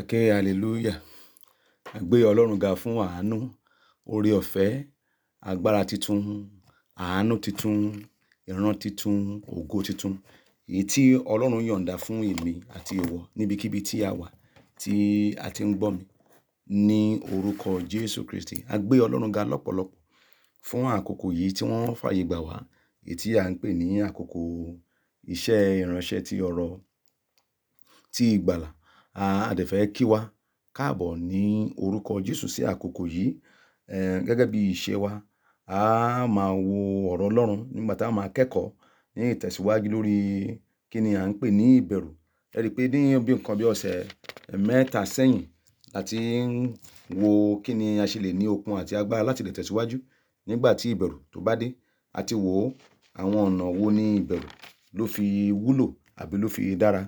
Ẹ̀kẹ́ hallelujah. A gbé Ọlọ́run ga fún àánú, oore ọ̀fẹ́, agbára titun, àánú titun, ìran titun, ògo titun. Èyí tí Ọlọ́run yọ̀ǹda fún èmi àti ìwọ níbikíbi tí a wà tí a ti ń gbọ́ mi ní orúkọ Jésù Kristi. A gbé Ọlọ́run ga lọ́pọ̀lọpọ̀ fún àkókò yìí tí wọ́n fàyè gbà wá, èyí tí à ń pè ní àkókò iṣẹ́ ìránṣẹ́ ti ọ̀rọ̀ ti ìgbàlà. A dẹ̀ fẹ́ kí wa káàbọ̀ ní orúkọ Jésù sí àkókò yìí. Gẹ́gẹ́ bí ìṣe wa, a máa wo ọ̀rọ̀ Ọlọ́run nígbà tá a máa kẹ́kọ̀ọ́ ní ìtẹ̀síwájú lórí kí ni à ń pè ní ìbẹ̀rù. Ẹ rí pé ní bí nǹkan bí ọ̀sẹ̀ mẹ́ta sẹ́yìn la wo kí ni a ṣe lè ní okun àti agbára láti lè tẹ̀síwájú nígbà tí ìbẹ̀rù tó bá dé. A ti wò àwọn ọ̀nà wo ni ìbẹ̀rù ló fi wúlò àbí ló fi dára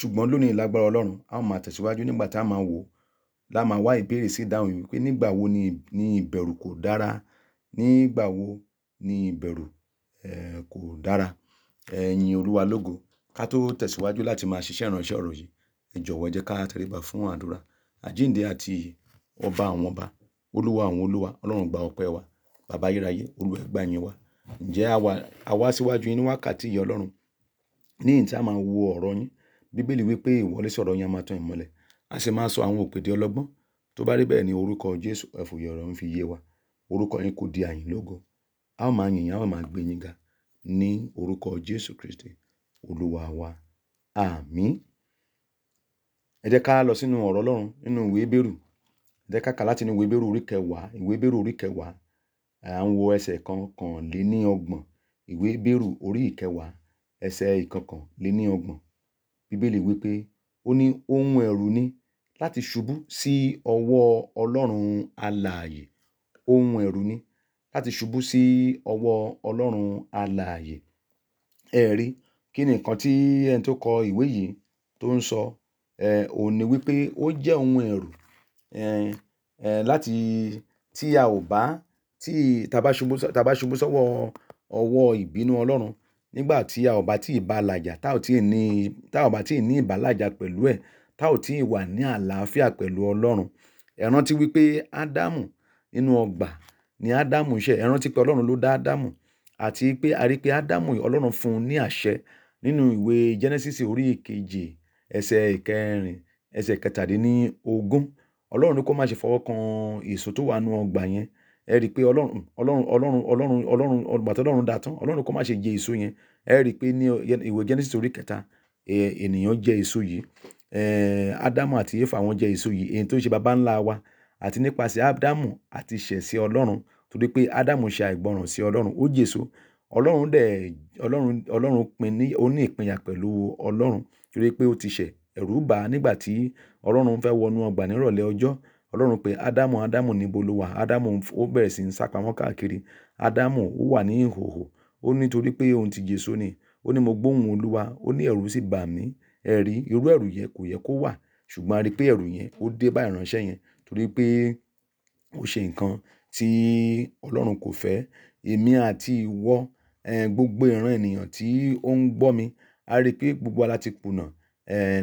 ṣùgbọ́n lónìí lágbára ọlọ́run a máa tẹ̀síwájú nígbà tá a máa wò lá máa wá ìbéèrè sí ìdáhùn yìí pé nígbà wo ni ni ìbẹ̀rù kò dára nígbà wo ni ìbẹ̀rù eh, kò dára ẹ̀yin eh, olúwa lógo ká tó tẹ̀síwájú láti máa ṣiṣẹ́ ìránṣẹ́ ọ̀rọ̀ yìí ẹ jọ̀wọ́ jẹ́ ká tẹríba fún àdúrà àjíǹde àti ọba àwọn ọba olúwa àwọn olúwa ọlọ́run gba ọpẹ́ wa bàbá ayérayé olúwa gbà yín wa ǹjẹ́ àwa síwájú yín ní wákàtí yìí ọlọ́run ní ìta máa wo ọ̀rọ̀ yín Bíbélì wípé ìwọ lè sọ̀rọ̀ yín a máa tan ìmọ́lẹ̀, a sì máa sọ àwọn òpè di ọlọ́gbọ́n. Tó bá rí bẹ́ẹ̀ ni orúkọ Jésù ẹ̀fùyẹ ọ̀rọ̀ ń fi yé wa. Orúkọ yín kó di àyìn lógo. A ó máa yìn yín, a ó máa gbé yín ga ní orúkọ Jésù Kristi Olúwa wa. Àmín. Ẹ jẹ́ ká lọ sínú ọ̀rọ̀ Ọlọ́run nínú ìwé Hébérù. Ẹ jẹ́ ká kà láti ìwé Hébérù orí kẹwàá, ìwé Hébérù orí kẹwàá. À ń wo ẹsẹ̀ kọ̀ọ̀kan lé ní ọgbọ̀n. Ìwé Hébérù orí ìkẹwàá, ẹsẹ̀ ìkọ̀ọ̀kan lé ní ọgbọ̀n. Bíbélì wípé ó ní ohun ẹ̀rù ni láti ṣubú sí ọwọ́ Ọlọ́run alààyè. Ohun ẹ̀rù ni láti ṣubú sí ọwọ́ Ọlọ́run alààyè. Ẹ rí, kí ni nǹkan tí ẹni tó kọ ìwé yìí tó ń sọ? Ẹ̀, òun ní wípé ó jẹ́ ohun ẹ̀rù, láti tí a ò bá, tí ta bá ọwọ́ ìbínú Ọlọ́run nígbà tí a ò bá tí ì bá làjà tá ò tí ì ní tá ò bá tí ì ní ìbálàjà pẹ̀lú ẹ̀ tá ò tí ì wà ní àlàáfíà pẹ̀lú ọlọ́run ẹ rántí wípé ádámù nínú ọgbà ni ádámù ṣẹ̀ ẹ rántí pé ọlọ́run ló dá ádámù àti pé a rí pé ádámù ọlọ́run fún un ní àṣẹ nínú ìwé genesis orí ìkejì ẹsẹ̀ ìkẹrin ẹsẹ̀ kẹtàdínní ogún ọlọ́run ní kó má ṣe fọwọ́ kan èso tó wà nínú ọgbà yẹn ẹ rí i pé ọlọ́run ọlọ́run ọlọ́run ọlọ́run ọlọ́run ọgbàtọ́ ọlọ́run dà tán ọlọ́run kò má ṣe jẹ èso yẹn ẹ rí i pé ní ìwé Genesis orí kẹta ènìyàn jẹ èso yìí Ádámù àti Éfà wọn jẹ èso yìí èyí tó ṣe baba ńlá wa àti nípasẹ̀ Ádámù àti ṣẹ̀sí ọlọ́run torí pé Ádámù ṣe àìgbọràn sí ọlọ́run ó jèso ọlọ́run dẹ̀ ọlọ́run ọlọ́run pin ní oní ìpínyà pẹ̀lú ọlọ́run torí pé ó ti ṣẹ̀ ẹ̀rù bà á nígbà tí ọlọ́run fẹ́ wọnú ọgbà nírọ̀lẹ́ ọjọ́ Ọlọ́run pé Ádámù, Ádámù níbo lo wà? Ádámù ó bẹ̀rẹ̀ sí ní sápamọ́ káàkiri. Ádámù ó wà ní ìhòhò. Ó ní pé òun ti jẹ èso ni. Ó ní mo gbóhùn Olúwa, ó ní ẹ̀rù sì bà mí. Ẹ̀rí, irú ẹ̀rù yẹn kò yẹ kó wà. Ṣùgbọ́n a rí pé ẹ̀rù yẹn ó dé bá ìránṣẹ́ yẹn torí pé ó ṣe nǹkan tí Ọlọ́run kò fẹ́. Èmi àti ìwọ, ẹ́ gbogbo ìran ènìyàn tí ó ń gbọ́ mi, a rí pé gbogbo wa kùnà,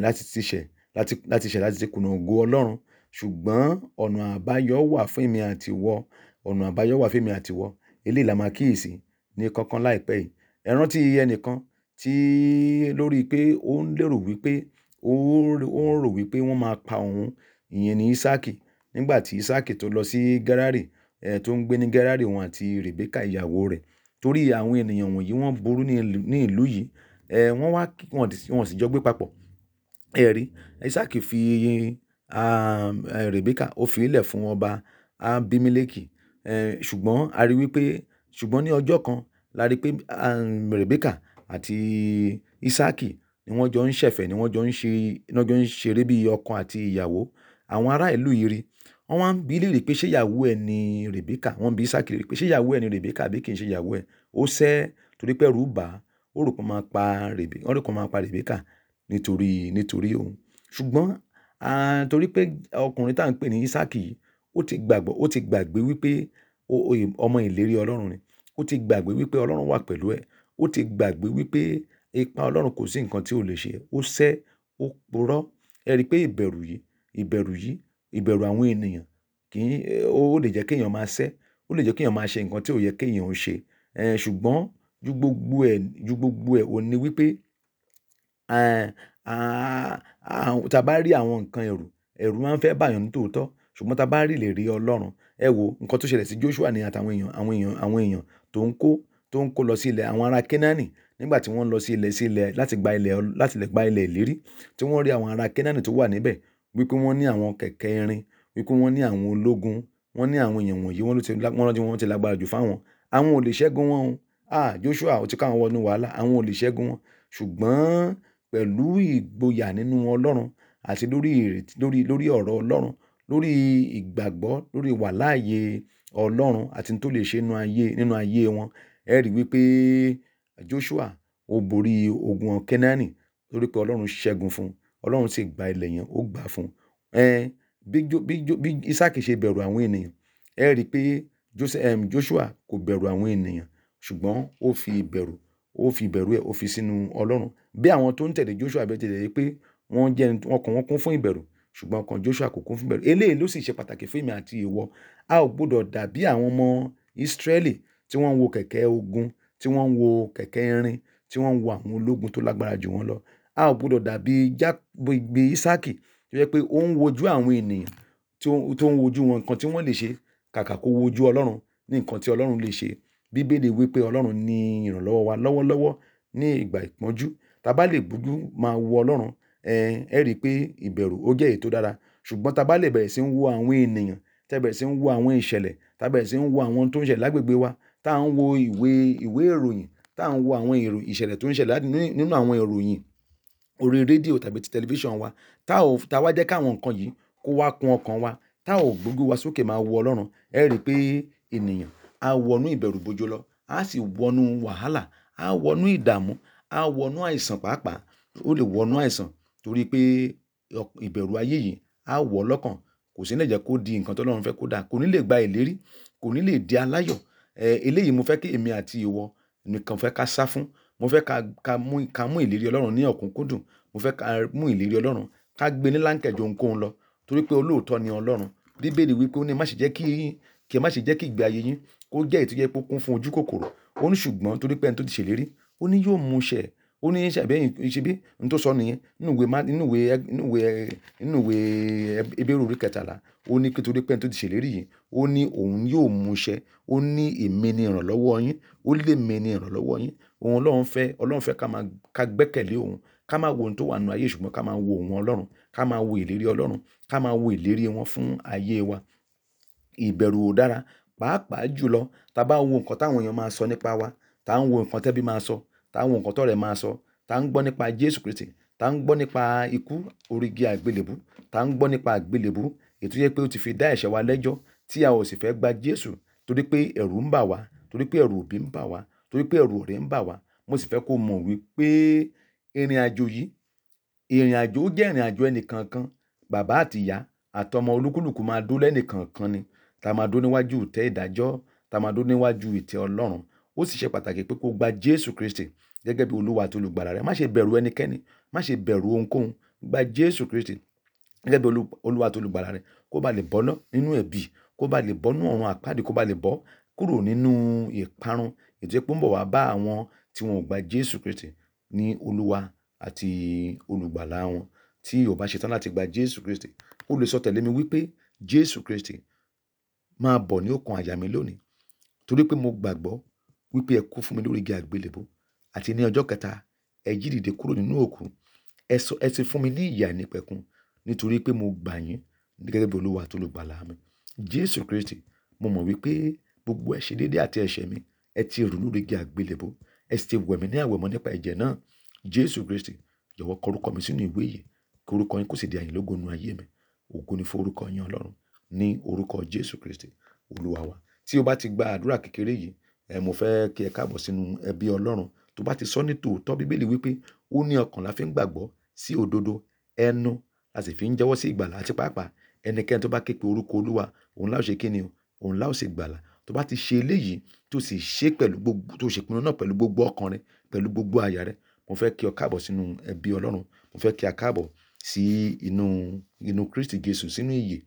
láti ti ṣẹ̀, láti ṣẹ̀ láti ti kùnà ògo Ọlọ́run. Ṣùgbọ́n ọ̀nà àbáyọ wà fún èmi àti ìwọ. Ọ̀nà àbáyọ wà fún èmi àti ìwọ. Eléyìí la máa kíyèsi ní kankan láìpẹ́ yìí. Ẹ rántí ẹnìkan tí lórí pé ó ń lérò wípé ó ń rò wípé wọ́n máa pa òun. Ìyẹn ni isaki Nígbà tí Isaaki tó lọ sí Gerari, ẹ́ tó ń gbé ní Gerari òun àti Rebeka ìyàwó rẹ̀. Torí àwọn ènìyàn wọ̀nyí wọ́n burú ní ìlú yìí. Ẹ̀ wọ́n wá, wọ́n sì jọ gbé papọ̀. Ẹ rí, Isaaki fi Rèbékà ó fi í lẹ̀ fún ọba Abimeleki. Ṣùgbọ́n a rí wípé ṣùgbọ́n ní ọjọ́ kan la rí pé Rèbékà àti Isaaki ni wọ́n jọ ń ṣẹ̀fẹ̀, ni wọ́n jọ ń ṣe, ni wọ́n jọ ń ṣeré bí ọkọ àti ìyàwó. Àwọn ará ìlú yìí rí. Wọ́n wá ń bi léèrè pé ṣé ìyàwó ẹ ni Rèbékà? Wọ́n ń bi Isaaki léèrè pé ṣé ìyàwó ẹ ni Rèbékà àbí kì í ṣe ìyàwó ẹ? Ó sẹ́ torí pé ẹ̀rù bà á. Ó rò pé wọ́n máa pa Rèbé, ó rò pé wọ́n máa pa Rèbékà nítorí, nítorí òun. Ṣùgbọ́n Ah, torí pé ọkùnrin tá ń pè ní Isaki yìí, ó ti gbàgbọ́, ó ti gbàgbé wípé ọmọ ìlérí Ọlọ́run ni. Ó ti gbàgbé wípé Ọlọ́run wà pẹ̀lú ẹ̀. Ó ti gbàgbé wípé ipa Ọlọ́run kò sí nǹkan tí ó lè ṣe. Ó sẹ́, ó purọ́. Ẹ rí pé ìbẹ̀rù yìí, ìbẹ̀rù yìí, ìbẹ̀rù àwọn ènìyàn kì í, ó lè jẹ́ kí èèyàn máa sẹ́, ó lè jẹ́ kí èèyàn máa ṣe nǹkan tí ó yẹ kí èèyàn ó ṣe. Ẹ̀, ṣùgbọ́n ju gbogbo ẹ̀, ju gbogbo ẹ̀, òun ní wípé, ẹ́, ta bá rí àwọn nǹkan ẹ̀rù, ẹ̀rù máa ń fẹ́ bà yàn ní tòótọ́. Ṣùgbọ́n bá rí ìlérí Ọlọ́run, ẹ wo nǹkan tó ṣẹlẹ̀ sí Joshua ni àtàwọn èèyàn, àwọn èèyàn, àwọn èèyàn tó ń kó, tó ń kó lọ sí ilẹ̀ àwọn ará Kẹ́náánì nígbà tí wọ́n lọ sí ilẹ̀, sí ilẹ̀ láti gba ilẹ̀, láti lè gba ilẹ̀ ìlérí tí wọ́n rí àwọn ará Kẹ́náánì tó wà níbẹ̀ wípé wọ́n ní àwọn kẹ̀kẹ́ irin, wípé wọ́n ní àwọn ológun, wọ́n ní àwọn èèyàn wọ̀nyí wọ́n ló wọ́n ti, lágbára jù fáwọn. Àwọn ò lè ṣẹ́gun wọn o. Joshua o ti ká wọnú wàhálà, àwọn ò lè ṣẹ́gun wọn. Ṣùgbọ́n pẹ̀lú ìgboyà nínú Ọlọ́run àti lórí ìrètí lórí lórí ọ̀rọ̀ Ọlọ́run lórí ìgbàgbọ́ lórí wàláàyè Ọlọ́run àti n tó lè ṣe nínú ayé nínú ayé wọn. Ẹ rí i wípé Joshua ó borí ogun Kẹ́náánì torí pé Ọlọ́run ṣẹ́gun fún un. Ọlọ́run sì gba ilẹ̀ yẹn ó gbà fún un. Ẹn bí Jo bí Jo bí Isaac ṣe bẹ̀rù àwọn ènìyàn, ẹ rí i pé Joshua kò bẹ̀rù àwọn ènìyàn ṣùgbọ́n ó fi ìbẹ̀rù ó fi ìbẹ̀rù ẹ̀ ó fi sínú Ọlọ́run. Bí àwọn tó ń tẹ̀lé Joshua bẹ́ẹ̀ tẹ̀lé pé wọ́n jẹ́ ọkàn wọn kún fún ìbẹ̀rù ṣùgbọ́n ọkàn Joshua kò kún fún ìbẹ̀rù. Eléyìí ló sì ṣe pàtàkì fún èmi àti ìwọ. A ò gbọdọ̀ dàbí àwọn ọmọ Ísírẹ́lì tí wọ́n ń wo kẹ̀kẹ́ ogun, tí wọ́n ń wo kẹ̀kẹ́ irin, tí wọ́n ń wo àwọn ológun tó lágbára jù wọ́n lọ. A ò gbọdọ̀ dàbí Jákọ́bù isaki. tó jẹ́ pé ó ń wojú àwọn ènìyàn tó ń wojú wọn nǹkan tí wọ́n lè ṣe kàkà kó wojú Ọlọ́run ní nǹkan tí Ọlọ́run lè ṣe. Bíbélì wípé Ọlọ́run ni ìrànlọ́wọ́ wa lọ́wọ́lọ́wọ́ ní ìgbà ìpọ́njú. Ta bá lè gbójú máa wo Ọlọ́run, ẹ rí pé ìbẹ̀rù ó jẹ́ èyí tó dára. Ṣùgbọ́n ta bá lè bẹ̀rẹ̀ sí ń wo àwọn ènìyàn, ta bẹ̀rẹ̀ sí ń wo àwọn ìṣẹ̀lẹ̀, ta bẹ̀rẹ̀ sí ń wo àwọn tó ń ṣẹlẹ̀ lágbègbè wa, tá ń wo ìwé, ìwé ìròyìn, tá ń wo àwọn ìṣẹ̀lẹ̀ tó ń ṣẹlẹ̀ nínú àwọn ìròyìn orí rédíò tàbí ti tẹlifíṣàn wa, tá ò, ta wá jẹ́ kí àwọn nǹkan yìí kó wá kun ọkàn wa, tá ò gbójú wa sókè máa wo Ọlọ́run, ẹ rí pé ènìyàn A wọnú ìbẹ̀rùbojo lọ a sì wọnú wàhálà a wọnú ìdààmú a wọnú àìsàn pàápàá ó lè wọnú àìsàn torí pé ìbẹ̀rù ayé yìí á wọ̀ lọ́kàn kò sí ní jẹ́ kó di nǹkan tó Ọlọ́run fẹ́ kó dà kò ní lè gba ìlérí kò ní lè di aláyọ̀ ẹ eléyìí mo fẹ́ kí èmi àti ìwọ nìkan fẹ́ ká sá fún mo fẹ́ ká mú ìlérí Ọlọ́run ní ọ̀kúnkúndùn mo fẹ́ ká mú ìlérí Ọlọ́run ká gbé ní láńkẹjọ ohunkóhun lọ torí pé olóòótọ́ ni Ọlọ́run bíbélì wípé ó ní má ṣe jẹ́ kí kí ẹ má ṣe jẹ́ kí ìgbé ayé yín kó jẹ́ èyí tó jẹ́ pé ó kún fún ojú kòkòrò ó ní ṣùgbọ́n torí pé ẹni tó ti ṣèlérí ó ní yóò mú ṣẹ ó ní ṣàbẹ́yìn ṣebí n tó sọ nìyẹn nínú ìwé ebéèrè orí kẹtàlá ó ní torí pé ẹni tó ti ṣèlérí yìí ó ní òun yóò mú ṣẹ ó ní èmi ni ìrànlọ́wọ́ yín ó lè mi ni ìrànlọ́wọ́ yín òun ọlọ́run fẹ́ ọlọ́run fẹ́ ká máa ká gbẹ́kẹ̀lé òun ká máa wo ohun tó wà nínú ayé ṣùgbọ́n ká máa wo òun ọlọ́run ká máa wo ìlérí ọlọ́run ká máa wo ìlérí wọn fún ayé wa ìbẹ̀rù ò dára. Pàápàá jùlọ tí a bá wo nǹkan táwọn èèyàn máa sọ nípa wa, tá ń wo nǹkan tẹ́bí máa ń sọ, tá ń wo nǹkan tọ̀rẹ́ máa sọ, tá ń gbọ́ nípa Jésù Kristi, tá ń gbọ́ nípa ikú orí igi àgbélébùú, tá ń gbọ́ nípa àgbélébùú èyí tó jẹ́ pé ó ti fi dá ẹ̀ṣẹ̀ wa lẹ́jọ́ tí a ò sì fẹ́ gba Jésù torí pé ẹ̀rù ń bà wá, torí pé ẹ̀rù òbí ń bà wá, torí pé ẹ̀rù ọ̀rẹ́ ń bà wá. Mo sì fẹ́ kó mọ̀ wípé ìrìnàjò yìí, ìrìnàjò ó jẹ́ ìrìnàjò ẹni kankan. Bàbá àti ìyá olúkúlùkù máa dúró lẹ́ẹ̀ni ni tá a máa dúró níwájú ìtẹ́ ìdájọ́, tá a máa dúró níwájú ìtẹ́ Ọlọ́run. Ó sì ṣe pàtàkì pé kó gba Jésù Kristi gẹ́gẹ́ bí Olúwa àti olùgbàlà rẹ. Má ṣe bẹ̀rù ẹnikẹ́ni, má ṣe bẹ̀rù ohunkóhun. Gba Jésù Kristi gẹ́gẹ́ bí Olúwa àti olùgbàlà rẹ kó ba lè bọ́ná nínú ẹ̀bi, kó ba lè bọ́nú ọ̀run àpáàdì, kó ba lè bọ́ kúrò nínú ìparun ètò pé ó ń bọ̀ wá bá àwọn tí wọn ò gba Jésù Kristi ní Olúwa àti olùgbàlà wọn. Tí o bá ṣe tán láti gba Jésù Kristi, o lè sọ tẹ̀lé mi wípé Jésù Kristi máa bọ̀ ní ọkàn àyà mi lónìí torí pé mo gbàgbọ́ wípé ẹ kú fún mi lórí igi àgbélébó àti ní ọjọ́ kẹta ẹ jí dìde kúrò nínú òkú ẹ sọ ẹ sì fún mi ní ìyà nípẹ̀kun nítorí pé mo gbà yín gẹ́gẹ́ bí olúwa tó lùgbàlà mi jésù kristi mo mọ̀ wípé gbogbo ẹ̀ṣẹ̀ déédé àti ẹ̀ṣẹ̀ mi ẹ ti rù lórí igi àgbélébó ẹ sì ti wẹ̀ mí ní àwẹ̀mọ́ nípa ẹ̀jẹ̀ náà jésù kristi jọ̀wọ́ kọ orúkọ mi sínú ìwé yìí kí orúkọ yín kó sì di àyìnlógo nínú ayé mi ògo ni fún orúkọ yín ọlọ́run ní orúkọ Jésù Kristi Olúwa wa. Tí o bá ti gba àdúrà kékeré yìí, ẹ mo fẹ́ kí ẹ káàbọ̀ sínú ẹbí Ọlọ́run. Tó bá ti sọ ní tòótọ́ Bíbélì wípé ó ní ọkàn la fi ń gbàgbọ́ sí òdodo, ẹnu la sì fi ń jẹ́wọ́ sí ìgbàlà àti pàápàá ẹnikẹ́ni tó bá ké pe orúkọ Olúwa, òun la ó ṣe kíni o, òun la ó ṣe ìgbàlà. Tó bá ti ṣe eléyìí tó sì ṣe pẹ̀lú gbogbo, tó ṣe ìpinnu náà pẹ̀lú gbogbo ọkàn rẹ, pẹ̀lú gbogbo àyà rẹ, mo fẹ́ kí o káàbọ̀ sínú ẹbí Ọlọ́run. Mo fẹ́ kí a káàbọ̀ sí inú, inú Kristi Jesu, sínú ìyè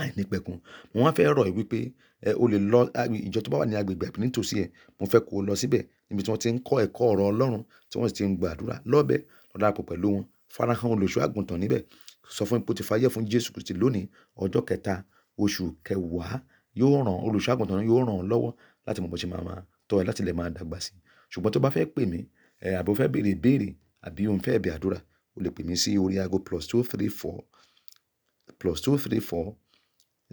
àìnípẹ̀kun. Mo wá fẹ́ rọ̀ ẹ wípé, ẹ, o lè lọ ìjọ tó bá wà ní agbègbè àbí nítòsí ẹ, mo fẹ́ kó lọ síbẹ̀ níbi tí wọ́n ti ń kọ́ ẹ̀kọ́ ọ̀rọ̀ Ọlọ́run, tí wọ́n sì ti ń gba àdúrà. Lọ bẹ, wọn. Farahàn olùṣọ́ àgùntàn níbẹ̀. Sọ fún pé o ti fún Jésù Kristi lónìí, ọjọ́ kẹta, oṣù kẹwàá. Yóò ràn, olùṣọ́ àgùntàn yóò ràn ọ́ lọ́wọ́ láti mọ bí ṣe máa máa tọ́ ẹ láti lè máa dàgbà síi. Ṣùgbọ́n tó bá plus two three four, plus two three four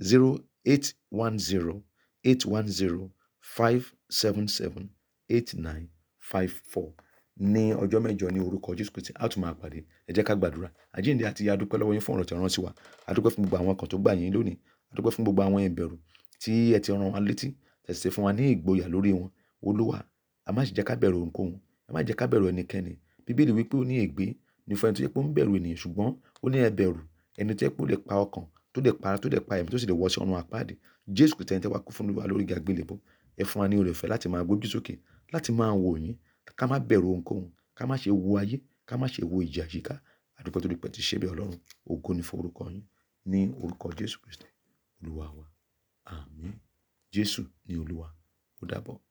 zero eight one zero eight one zero five seven seven eight nine five four ní ọjọ́ mẹ́jọ ní orúkọ jésù kristi a tún máa pàdé ẹ jẹ́ ká gbàdúrà àjíǹde àti ìyá adúpẹ́ lọ́wọ́ yín fún ọ̀rọ̀ tí ọ̀ràn sí wa adúpẹ́ fún gbogbo àwọn kan tó gbà yín lónìí adúpẹ́ fún gbogbo àwọn ìbẹ̀rù tí ẹ ti rán wa létí tẹ̀sí fún wa ní ìgboyà lórí wọn olúwa a má sì jẹ́ ká bẹ̀rù ohunkóhun a má jẹ́ ká bẹ̀rù ẹnikẹ́ni bíbélì wípé ó ní ègbé ní tó yẹ pé ń bẹ̀rù ènìyàn ṣùgbọ́n ó ní ẹ bẹ̀rù ẹni tó yẹ pé lè pa ọkàn tó dẹ̀ para tó dẹ̀ pa ẹ̀mí tó sì dẹ̀ wọ sí ọ̀run àpáàdì jésù kìí tẹ́ni tẹ́ wá kú fún olúwa lórí àgbélébọ̀ ẹ fún wa ní oore ọ̀fẹ́ láti máa gbójú sókè láti máa wò yín ká má bẹ̀rù ohunkóhun ká má ṣe wo ayé ká má ṣe wo ìjì àyíká àdúpẹ́ tó dúpẹ́ ti ṣe bí ọlọ́run ògo ni fún orúkọ yín ní orúkọ jésù kristi olúwa wa àmín jésù ni olúwa ó dàbọ̀